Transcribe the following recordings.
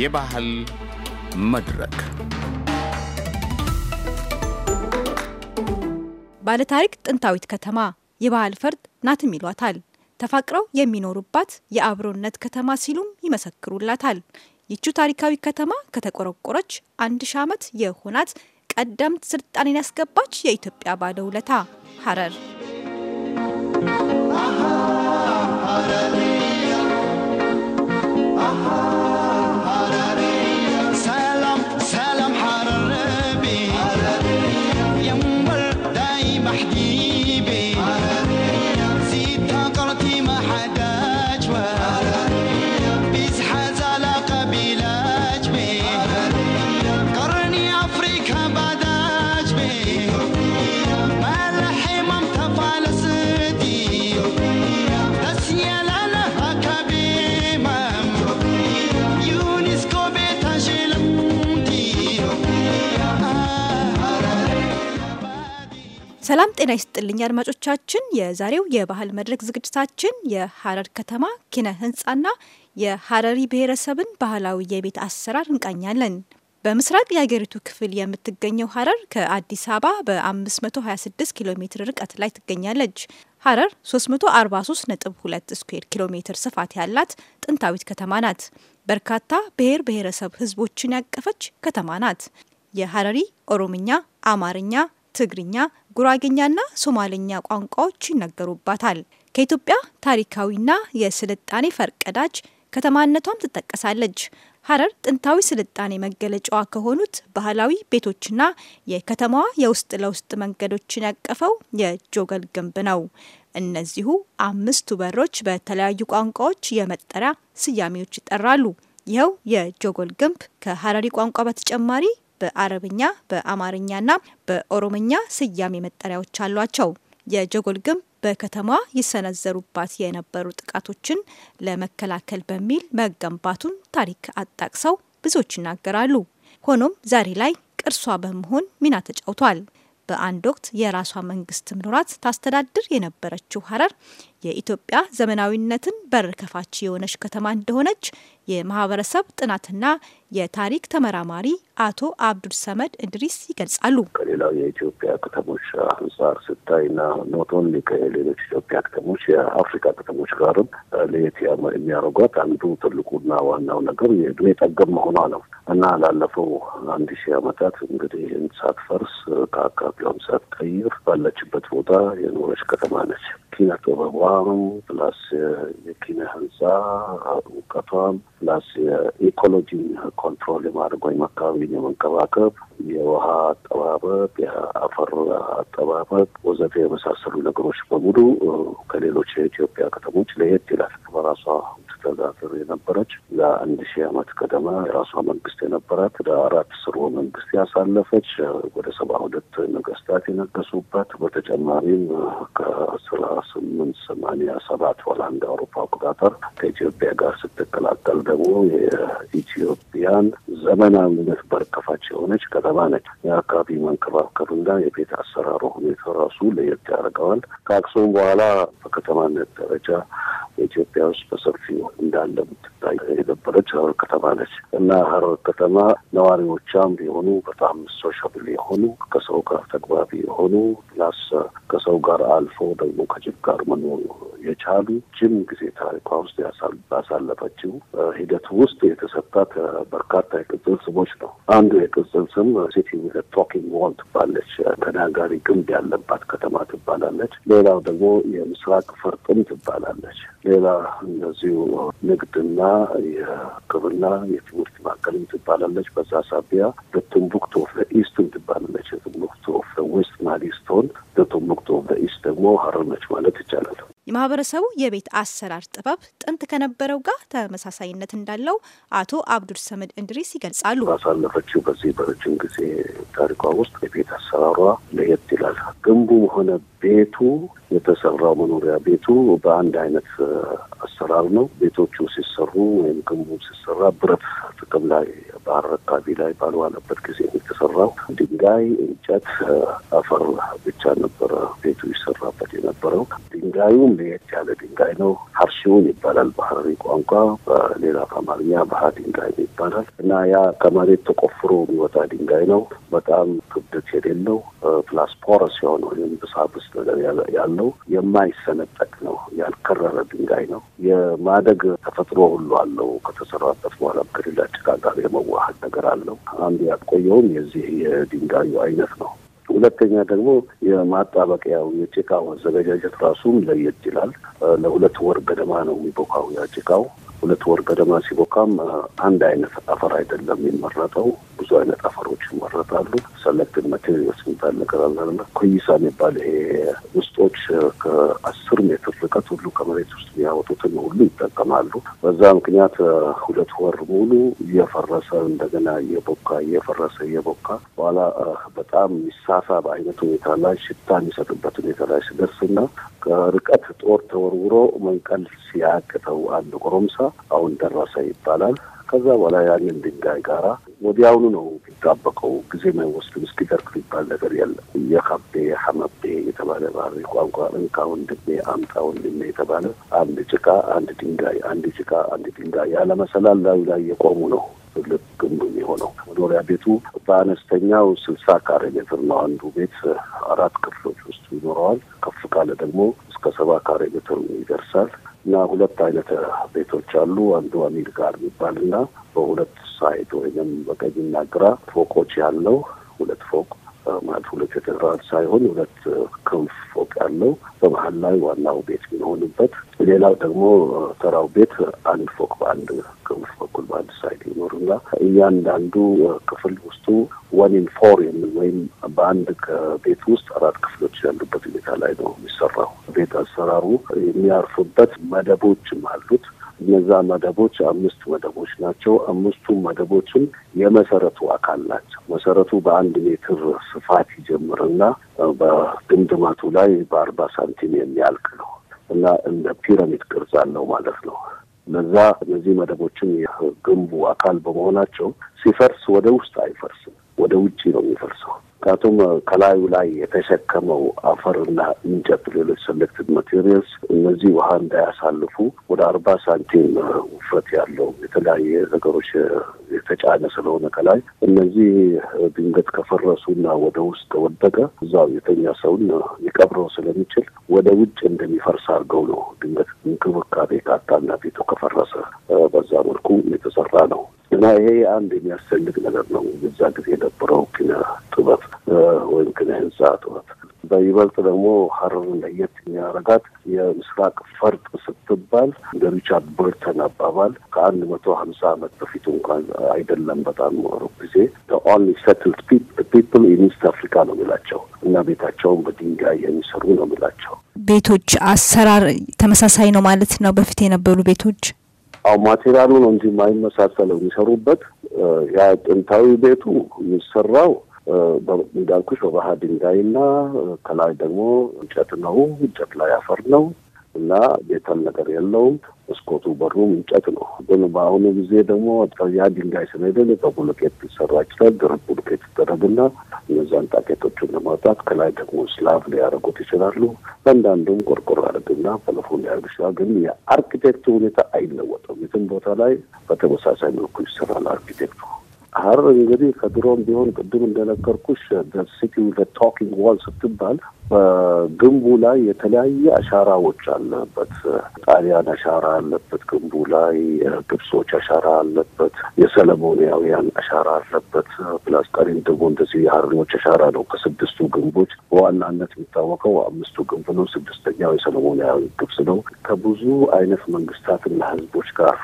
የባህል መድረክ ባለታሪክ ጥንታዊት ከተማ የባህል ፈርጥ ናትም ይሏታል። ተፋቅረው የሚኖሩባት የአብሮነት ከተማ ሲሉም ይመሰክሩላታል። ይቹ ታሪካዊ ከተማ ከተቆረቆረች አንድ ሺ ዓመት የሆናት ቀደምት ስልጣኔን ያስገባች የኢትዮጵያ ባለውለታ ሐረር ሰላም ጤና ይስጥልኝ አድማጮቻችን። የዛሬው የባህል መድረክ ዝግጅታችን የሀረር ከተማ ኪነ ህንፃና የሀረሪ ብሔረሰብን ባህላዊ የቤት አሰራር እንቃኛለን። በምስራቅ የሀገሪቱ ክፍል የምትገኘው ሀረር ከአዲስ አበባ በ526 ኪሎ ሜትር ርቀት ላይ ትገኛለች። ሀረር 343.2 ስኩዌር ኪሎ ሜትር ስፋት ያላት ጥንታዊት ከተማ ናት። በርካታ ብሔር ብሔረሰብ ህዝቦችን ያቀፈች ከተማ ናት። የሀረሪ ኦሮምኛ፣ አማርኛ፣ ትግርኛ ጉራግኛና ሶማሌኛ ቋንቋዎች ይነገሩባታል። ከኢትዮጵያ ታሪካዊና የስልጣኔ ፈርቀዳጅ ከተማነቷም ትጠቀሳለች። ሀረር ጥንታዊ ስልጣኔ መገለጫዋ ከሆኑት ባህላዊ ቤቶችና የከተማዋ የውስጥ ለውስጥ መንገዶችን ያቀፈው የጆገል ግንብ ነው። እነዚሁ አምስቱ በሮች በተለያዩ ቋንቋዎች የመጠሪያ ስያሜዎች ይጠራሉ። ይኸው የጆጎል ግንብ ከሀረሪ ቋንቋ በተጨማሪ በአረብኛ በአማርኛና በኦሮምኛ ስያሜ መጠሪያዎች አሏቸው። የጀጎል ግንብ በከተማዋ ይሰነዘሩባት የነበሩ ጥቃቶችን ለመከላከል በሚል መገንባቱን ታሪክ አጣቅሰው ብዙዎች ይናገራሉ። ሆኖም ዛሬ ላይ ቅርሷ በመሆን ሚና ተጫውቷል። በአንድ ወቅት የራሷ መንግስት ምኖራት ታስተዳድር የነበረችው ሀረር የኢትዮጵያ ዘመናዊነትን በር ከፋች የሆነች ከተማ እንደሆነች የማህበረሰብ ጥናትና የታሪክ ተመራማሪ አቶ አብዱል ሰመድ እንድሪስ ይገልጻሉ። ከሌላው የኢትዮጵያ ከተሞች አንጻር ስታይና ኖት ኦንሊ ከሌሎች ኢትዮጵያ ከተሞች የአፍሪካ ከተሞች ጋርም ለየት የሚያደርጓት አንዱ ትልቁና ዋናው ነገር የዕድሜ ጠገብ መሆኗ ነው እና ላለፈው አንድ ሺህ ዓመታት እንግዲህ ይህን ሳትፈርስ ከአካባቢዋም ሳትቀይር ባለችበት ቦታ የኖረች ከተማ ነች። ኪነ ጥበቧም ፕላስ የኪነ ህንፃ እውቀቷም ፕላስ የኢኮሎጂ ኮንትሮል የማድረግ ወይም አካባቢን የመንከባከብ የውሃ አጠባበቅ፣ የአፈር አጠባበቅ ወዘተ የመሳሰሉ ነገሮች በሙሉ ከሌሎች የኢትዮጵያ ከተሞች ለየት ይላል በራሷ ስትተዳደር የነበረች ለአንድ ሺህ ዓመት ቀደማ የራሷ መንግስት የነበራት ለአራት ስርወ መንግስት ያሳለፈች ወደ ሰባ ሁለት ነገስታት የነገሱበት በተጨማሪም ከአስራ ስምንት ሰማኒያ ሰባት ሆላንድ አውሮፓ አቆጣጠር ከኢትዮጵያ ጋር ስትቀላቀል ደግሞ የኢትዮጵያን ዘመናዊነት በርከፋች የሆነች ከተማ ነች። የአካባቢ መንከባከብና የቤት አሰራሩ ሁኔታ ራሱ ለየት ያደርገዋል። ከአክሱም በኋላ በከተማነት ደረጃ በኢትዮጵያ ውስጥ በሰፊው እንዳለ ምትታይ የነበረች ሀረር ከተማ ነች እና ሀረር ከተማ ነዋሪዎቿም የሆኑ በጣም ሶሻብል የሆኑ ከሰው ጋር ተግባቢ የሆኑ ፕላስ ከሰው ጋር አልፎ ደግሞ ከጅብ ጋር መኖር የቻሉ ጅም ጊዜ ታሪኳ ውስጥ ያሳለፈችው ሂደት ውስጥ የተሰጣት በርካታ የቅጽል ስሞች ነው። አንዱ የቅጽል ስም ሲቲ ቶኪንግ ዋል ትባለች። ተናጋሪ ግንብ ያለባት ከተማ ትባላለች። ሌላው ደግሞ የምስራቅ ፍርጥም ትባላለች። ሌላ እነዚሁ ንግድና የሕክምና የትምህርት ማዕከል ትባላለች። በዛ ሳቢያ በቱምቡክቱ ኦፍ ኢስት ትባላለች። የቱምቡክቱ ኦፍ ዌስት ማሊ ስትሆን በቱምቡክቱ ኦፍ ኢስት ደግሞ ሀረር ነች ማለት ይቻላል። የማህበረሰቡ የቤት አሰራር ጥበብ ጥንት ከነበረው ጋር ተመሳሳይነት እንዳለው አቶ አብዱል ሰመድ እንድሪስ ይገልጻሉ። ባሳለፈችው በዚህ በረጅም ጊዜ ታሪኳ ውስጥ የቤት አሰራሯ ለየት ይላል። ግንቡም ሆነ ቤቱ የተሰራው መኖሪያ ቤቱ በአንድ አይነት አሰራር ነው። ቤቶቹ ሲሰሩ ወይም ግንቡ ሲሰራ ብረት ጥቅም ላይ ባህር አካባቢ ላይ ባልዋለበት ጊዜ የተሰራው ድንጋይ፣ እንጨት፣ አፈር ብቻ ነበረ ቤቱ ይሰራበት የነበረው። ድንጋዩም ለየት ያለ ድንጋይ ነው። ሀርሲውን ይባላል ባህሪ ቋንቋ፣ በሌላ በአማርኛ ባህ ድንጋይ ይባላል እና ያ ከመሬት ተቆፍሮ የሚወጣ ድንጋይ ነው። በጣም ክብደት የሌለው ፕላስ ፖረስ የሆነ ወይም ብሳብስ ውስጥ ያለው የማይሰነጠቅ ነው። ያልከረረ ድንጋይ ነው። የማደግ ተፈጥሮ ሁሉ አለው። ከተሰራበት በኋላ ከሌላ ጭቃ ጋር የመዋሀድ ነገር አለው። አንዱ ያቆየውም የዚህ የድንጋዩ አይነት ነው። ሁለተኛ ደግሞ የማጣበቂያው የጭቃው አዘገጃጀት ራሱም ለየት ይላል። ለሁለት ወር ገደማ ነው የሚቦካው ያ ጭቃው ሁለት ወር ገደማ ሲቦካም አንድ አይነት አፈር አይደለም የሚመረጠው። ብዙ አይነት አፈሮች ይመረጣሉ። ሰለክትድ ማቴሪያልስ የሚባል ነገር አለ። ኮይሳ የሚባል ይሄ ውስጦች ከአስር ሜትር ርቀት ሁሉ ከመሬት ውስጥ የሚያወጡትን ሁሉ ይጠቀማሉ። በዛ ምክንያት ሁለት ወር ሙሉ እየፈረሰ እንደገና እየቦካ እየፈረሰ እየቦካ በኋላ በጣም የሚሳሳብ አይነት ሁኔታ ላይ ሽታ የሚሰጥበት ሁኔታ ላይ ሲደርስና ከርቀት ጦር ተወርውሮ መንቀል ሲያቅተው አንድ ጎረምሳ አሁን ደረሰ ይባላል። ከዛ በኋላ ያንን ድንጋይ ጋራ ወዲያውኑ ነው የሚጣበቀው። ጊዜ የማይወስድም እስኪደርቅ ይባል ነገር የለም። የካቤ ሐመቤ የተባለ ባህሪ ቋንቋ እንካ ወንድሜ፣ አምጣ ወንድሜ የተባለ አንድ ጭቃ አንድ ድንጋይ፣ አንድ ጭቃ አንድ ድንጋይ ያለ መሰላል ላዩ ላይ የቆሙ ነው ትልቅ ግንብ የሚሆነው መኖሪያ ቤቱ በአነስተኛው ስልሳ ካሬ ሜትር ነው። አንዱ ቤት አራት ክፍሎች ውስጥ ይኖረዋል። ከፍ ካለ ደግሞ እስከ ሰባ ካሬ ሜትር ይደርሳል። እና ሁለት አይነት ቤቶች አሉ። አንዱ አሚር ጋር የሚባል እና በሁለት ሳይድ ወይም በቀኝና ግራ ፎቆች ያለው ሁለት ፎቅ ማለት ሁለት የፌዴራል ሳይሆን ሁለት ክንፍ ፎቅ ያለው በመሀል ላይ ዋናው ቤት የሚሆንበት፣ ሌላው ደግሞ ተራው ቤት አንድ ፎቅ በአንድ ክንፍ በኩል በአንድ ሳይድ ይኖርና እያንዳንዱ ክፍል ውስጡ ወን ኢን ፎር የሚል ወይም በአንድ ቤት ውስጥ አራት ክፍሎች ያሉበት ሁኔታ ላይ ነው የሚሰራው። ቤት አሰራሩ የሚያርፉበት መደቦችም አሉት። እነዛ መደቦች አምስት መደቦች ናቸው። አምስቱም መደቦችም የመሰረቱ አካል ናቸው። መሰረቱ በአንድ ሜትር ስፋት ይጀምርና በድምድማቱ ላይ በአርባ ሳንቲም የሚያልቅ ነው እና እንደ ፒራሚድ ቅርጽ አለው ማለት ነው። ለዛ እነዚህ መደቦችም የግንቡ አካል በመሆናቸው ሲፈርስ ወደ ውስጥ አይፈርስም፣ ወደ ውጭ ነው የሚፈርሰው። ምክንያቱም ከላዩ ላይ የተሸከመው አፈርና እንጨት፣ ሌሎች ሰሌክትድ ማቴሪያልስ እነዚህ ውሃ እንዳያሳልፉ ወደ አርባ ሳንቲም ውፍረት ያለው የተለያየ ነገሮች የተጫነ ስለሆነ ከላይ እነዚህ ድንገት ከፈረሱና ወደ ውስጥ ከወደቀ እዛው የተኛ ሰውን ሊቀብረው ስለሚችል ወደ ውጭ እንደሚፈርስ አድርገው ነው ድንገት እንክብካቤ ካጣና ቤቱ ከፈረሰ በዛ መልኩ የተሰራ ነው። እና ይሄ አንድ የሚያስፈልግ ነገር ነው። እዛ ጊዜ የነበረው ኪነ ጥበብ ወይም ኪነ ህንፃ ጥበብ በይበልጥ ደግሞ ሀረርን ለየት የሚያደርጋት የምስራቅ ፈርጥ ስትባል እንደ ሪቻርድ በርተን አባባል ከአንድ መቶ ሀምሳ ዓመት በፊት እንኳን አይደለም በጣም ሩቅ ጊዜ ኦንሊ ሰትልድ ፒፕል ኢን ኢስት አፍሪካ ነው የሚላቸው እና ቤታቸውን በድንጋይ የሚሰሩ ነው የሚላቸው። ቤቶች አሰራር ተመሳሳይ ነው ማለት ነው በፊት የነበሩ ቤቶች አው ማቴሪያሉ ነው እንጂ የማይመሳሰለው የሚሰሩበት ያ ጥንታዊ ቤቱ የሚሰራው እንዳልኩሽ በባህር ድንጋይና ከላይ ደግሞ እንጨት ነው። እንጨት ላይ አፈር ነው። እና ቤተን ነገር የለውም። መስኮቱ በሩም እንጨት ነው። ግን በአሁኑ ጊዜ ደግሞ ያ ድንጋይ ስንሄድን በቡልኬት ሊሰራ ይችላል። ድርብ ቡልኬት ይደረግና እነዛን ጣቄቶቹን ለማውጣት ከላይ ደግሞ ስላብ ሊያደርጉት ይችላሉ። አንዳንዱም ቆርቆሮ ያደርግና ፈለፉን ሊያደርግ ይችላል። ግን የአርኪቴክቱ ሁኔታ አይለወጠም። የትም ቦታ ላይ በተመሳሳይ መልኩ ይሰራል አርኪቴክቱ ሀረር እንግዲህ ከድሮም ቢሆን ቅድም እንደነገርኩሽ ሲቲ ቶኪንግ ዋል ስትባል በግንቡ ላይ የተለያየ አሻራዎች አለበት። ጣሊያን አሻራ አለበት ግንቡ ላይ፣ ግብጾች አሻራ አለበት፣ የሰለሞናውያን አሻራ አለበት። ፕላስጠሪን ደግሞ እንደዚህ የሀረሮች አሻራ ነው። ከስድስቱ ግንቦች በዋናነት የሚታወቀው አምስቱ ግንብ ነው። ስድስተኛው የሰለሞናዊ ግብጽ ነው። ከብዙ አይነት መንግስታትና ህዝቦች ጋር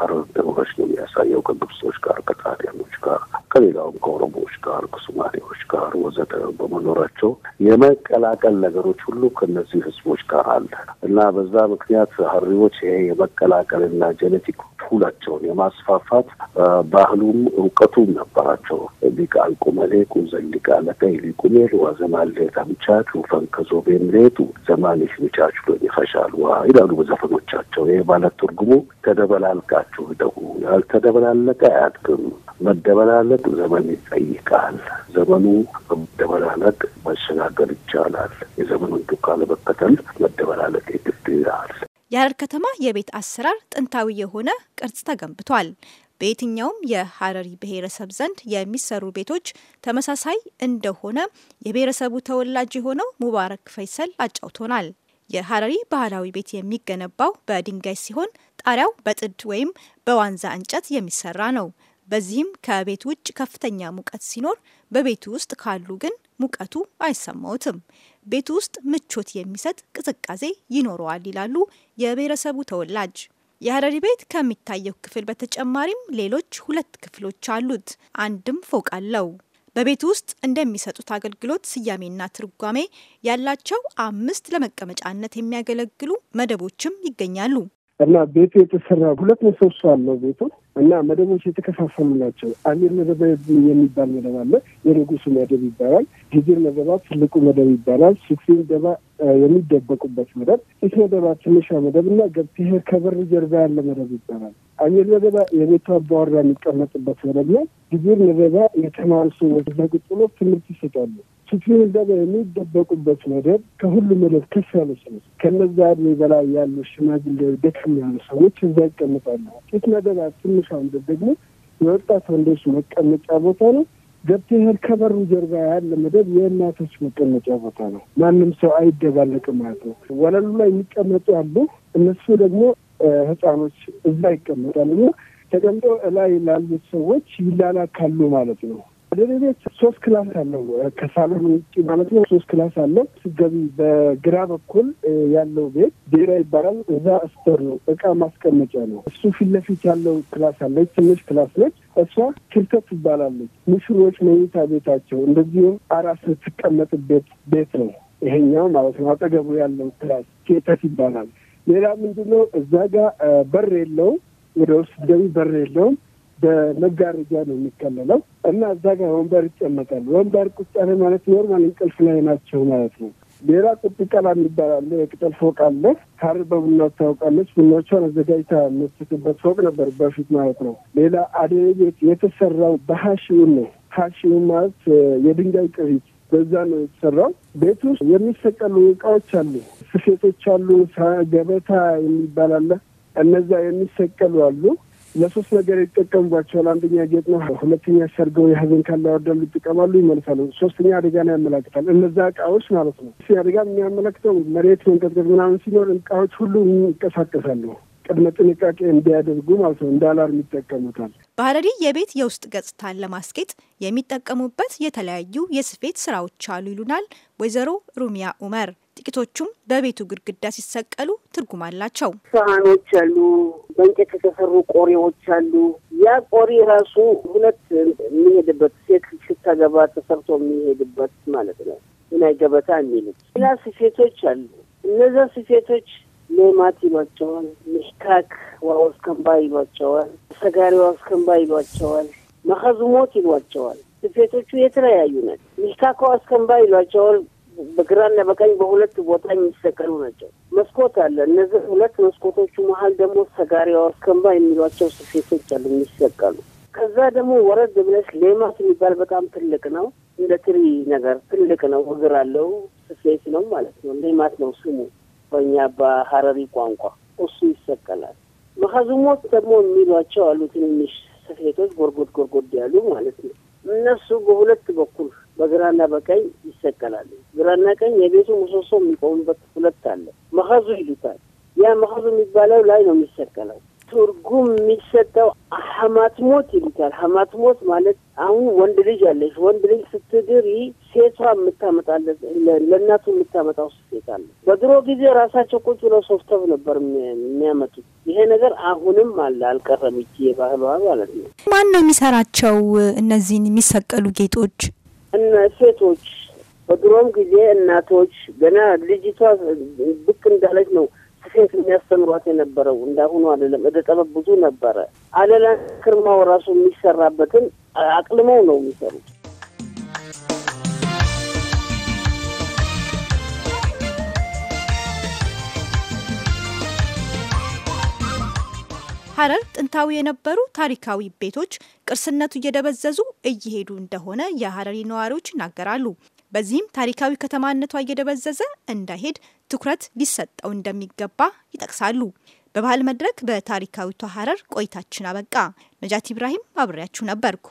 ሀረር ደመረች ነው የሚያሳየው ከግብጾች ጋር ከጣሊያን ህዝቦች ጋር ከሌላውም ከኦሮሞዎች ጋር ከሶማሌዎች ጋር ወዘተ በመኖራቸው የመቀላቀል ነገሮች ሁሉ ከነዚህ ህዝቦች ጋር አለ እና በዛ ምክንያት ሀሪዎች ይሄ የመቀላቀልና ጄኔቲክ ሁላቸውን የማስፋፋት ባህሉም እውቀቱም ነበራቸው። ሊቃል ቁመሌ ቁዘን ሊቃለቀ ሊቁሜል ዋዘማሌ ታምቻት ውፈንከዞ ቤምሌቱ ሚቻች ሚቻችሎ ይፈሻል ዋ ይላሉ በዘፈኖቻቸው። ይህ ማለት ትርጉሙ ተደበላልቃችሁ ደሁ ያልተደበላለቀ አያድግም መደበላለቅ ዘመን ይጠይቃል። ዘመኑ በመደበላለቅ መሸጋገር ይቻላል። የዘመኑን ዱካ ለመከተል መደበላለቅ የግድ ይላል። የሀረር ከተማ የቤት አሰራር ጥንታዊ የሆነ ቅርጽ ተገንብቷል። በየትኛውም የሀረሪ ብሔረሰብ ዘንድ የሚሰሩ ቤቶች ተመሳሳይ እንደሆነ የብሔረሰቡ ተወላጅ የሆነው ሙባረክ ፈይሰል አጫውቶናል። የሀረሪ ባህላዊ ቤት የሚገነባው በድንጋይ ሲሆን ጣሪያው በጥድ ወይም በዋንዛ እንጨት የሚሰራ ነው። በዚህም ከቤት ውጭ ከፍተኛ ሙቀት ሲኖር፣ በቤቱ ውስጥ ካሉ ግን ሙቀቱ አይሰማውትም። ቤቱ ውስጥ ምቾት የሚሰጥ ቅዝቃዜ ይኖረዋል ይላሉ የብሔረሰቡ ተወላጅ። የሀረሪ ቤት ከሚታየው ክፍል በተጨማሪም ሌሎች ሁለት ክፍሎች አሉት። አንድም ፎቅ አለው። በቤት ውስጥ እንደሚሰጡት አገልግሎት ስያሜና ትርጓሜ ያላቸው አምስት ለመቀመጫነት የሚያገለግሉ መደቦችም ይገኛሉ እና ቤቱ የተሰራ ሁለት ምሰሶ አለው ቤቱ እና መደቦች የተከፋፈሉላቸው አሚር መደብ የሚባል መደብ አለ። የንጉሱ መደብ ይባላል። ጊዜር መደባ ትልቁ መደብ ይባላል። ሱክሲን ደባ የሚደበቁበት መደብ፣ ጢስ መደባ ትንሿ መደብ እና ገብትሄር ከበር ጀርባ ያለ መደብ ይባላል። አሚር መደባ የቤቱ አባወራ የሚቀመጥበት መደብ ነው። ጊዜር መደባ የተማሩ ሰዎች ቁጭ ትምህርት ይሰጣሉ። ስፍሪ ዘበ የሚደበቁበት መደብ ከሁሉ መደብ ከፍ ያሉ ሰዎች ከነዛ እድሜ በላይ ያሉ ሽማግሌ፣ ደክም ያሉ ሰዎች እዛ ይቀምጣሉ። ሴት መደባ ትንሿ መደብ ደግሞ የወጣት ወንዶች መቀመጫ ቦታ ነው። ገብተህ ከበሩ ጀርባ ያለ መደብ የእናቶች መቀመጫ ቦታ ነው። ማንም ሰው አይደባለቅም ማለት ነው። ወለሉ ላይ የሚቀመጡ አሉ። እነሱ ደግሞ ህፃኖች እዛ ይቀመጣሉ። ተቀምጦ እላይ ላሉት ሰዎች ይላላካሉ ማለት ነው። ወደ ቤት ሶስት ክላስ አለው ከሳሎን ውጭ ማለት ነው። ሶስት ክላስ አለው። ስገቢ በግራ በኩል ያለው ቤት ዴራ ይባላል። እዛ ስቶር ነው፣ እቃ ማስቀመጫ ነው። እሱ ፊት ለፊት ያለው ክላስ አለች፣ ትንሽ ክላስ ነች። እሷ ክርተት ትባላለች። ሙሽሮች መኝታ ቤታቸው እንደዚሁም አራስ ትቀመጥበት ቤት ነው ይሄኛው ማለት ነው። አጠገቡ ያለው ክላስ ኬተት ይባላል። ሌላ ምንድነው እዛ ጋር በር የለውም። ወደ ውስጥ ስትገቢ በር የለውም። በመጋረጃ ነው የሚከለለው እና እዛ ጋር ወንበር ይጨመጣል። ወንበር ቁጭ ያለ ማለት ኖርማል እንቅልፍ ላይ ናቸው ማለት ነው። ሌላ ቁጥ ቀላ የሚባል አለ። የቅጠል ፎቅ አለ። ካር በቡና ታውቃለች። ቡናቿን አዘጋጅታ የምትስቅበት ፎቅ ነበር በፊት ማለት ነው። ሌላ አደይ ቤት የተሰራው በሀሺውን ነው። ሀሺውን ማለት የድንጋይ ቅሪት በዛ ነው የተሰራው። ቤት ውስጥ የሚሰቀሉ እቃዎች አሉ፣ ስፌቶች አሉ፣ ገበታ የሚባል አለ። እነዛ የሚሰቀሉ አሉ። ለሶስት ነገር ይጠቀሙባቸዋል። አንደኛ ጌጥ ነው፣ ሁለተኛ ሰርገው የሀዘን ካለ ወደም ይጠቀማሉ፣ ይመልሳሉ። ሶስተኛ ነው ያመላክታል። እነዛ እቃዎች ማለት ነው። አደጋ የሚያመለክተው መሬት መንቀጥቀጥ ምናምን ሲኖር እቃዎች ሁሉ ይንቀሳቀሳሉ። ቅድመ ጥንቃቄ እንዲያደርጉ ማለት ነው። እንዳላር ይጠቀሙታል። በሀረሪ የቤት የውስጥ ገጽታን ለማስጌጥ የሚጠቀሙበት የተለያዩ የስፌት ስራዎች አሉ ይሉናል ወይዘሮ ሩሚያ ኡመር። ጥቂቶቹም በቤቱ ግድግዳ ሲሰቀሉ ትርጉም አላቸው። ሳህኖች አሉ፣ በእንጨት የተሰሩ ቆሪዎች አሉ። ያ ቆሪ ራሱ ሁለት የሚሄድበት ሴት ስታገባ ተሰርቶ የሚሄድበት ማለት ነው። ምን አይገበታ የሚሉት ሌላ ስፌቶች አሉ። እነዛ ስፌቶች ሌማት ይሏቸዋል። ሚሕካክ ዋው ይሏቸዋል። ሰጋሪ ዋው እስከምባ ይሏቸዋል። መኸዝሞት ይሏቸዋል። ስፌቶቹ የተለያዩ ናቸው። ሚሕካክ ዋው ይሏቸዋል። በግራና በቀኝ በሁለት ቦታ የሚሰቀሉ ናቸው። መስኮት አለ። እነዚህ ሁለት መስኮቶቹ መሀል ደግሞ ሰጋሪ ዋው የሚሏቸው ስፌቶች አሉ የሚሰቀሉ ከዛ ደግሞ ወረድ ብለሽ ሌማት የሚባል በጣም ትልቅ ነው። እንደ ትሪ ነገር ትልቅ ነው። እግር አለው። ስፌት ነው ማለት ነው። ሌማት ነው ስሙ። በእኛ በሀረሪ ቋንቋ እሱ ይሰቀላል። መሀዝሞት ደግሞ የሚሏቸው አሉ ትንንሽ ስፌቶች ጎርጎድ ጎርጎድ ያሉ ማለት ነው። እነሱ በሁለት በኩል በግራና በቀኝ ይሰቀላሉ። ግራና ቀኝ የቤቱ ምሰሶ የሚቆሙበት ሁለት አለ። መሀዙ ይሉታል። ያ መሀዙ የሚባለው ላይ ነው የሚሰቀለው። ትርጉም የሚሰጠው ሀማትሞት ይሉታል። ሀማትሞት ማለት አሁን ወንድ ልጅ አለች። ወንድ ልጅ ስትድሪ ሴቷ የምታመጣለት ለእናቱ የምታመጣው ሴት አለ። በድሮ ጊዜ ራሳቸው ቁጭ ብለው ሶፍተብ ነበር የሚያመጡት። ይሄ ነገር አሁንም አለ፣ አልቀረም። ይቺ የባህሏ ማለት ነው። ማን ነው የሚሰራቸው እነዚህን የሚሰቀሉ ጌጦች? ሴቶች በድሮም ጊዜ እናቶች ገና ልጅቷ ብቅ እንዳለች ነው ሴት የሚያስተምሯት የነበረው እንዳሁኑ አይደለም። እደ ጥበብ ብዙ ነበረ። አለላ ክርማው ራሱ የሚሰራበትን አቅልመው ነው የሚሰሩት። ሐረር ጥንታዊ የነበሩ ታሪካዊ ቤቶች ቅርስነቱ እየደበዘዙ እየሄዱ እንደሆነ የሐረሪ ነዋሪዎች ይናገራሉ። በዚህም ታሪካዊ ከተማነቷ እየደበዘዘ እንዳይሄድ ትኩረት ሊሰጠው እንደሚገባ ይጠቅሳሉ። በባህል መድረክ በታሪካዊቷ ሀረር ቆይታችን አበቃ። ነጃት ኢብራሂም አብሬያችሁ ነበርኩ።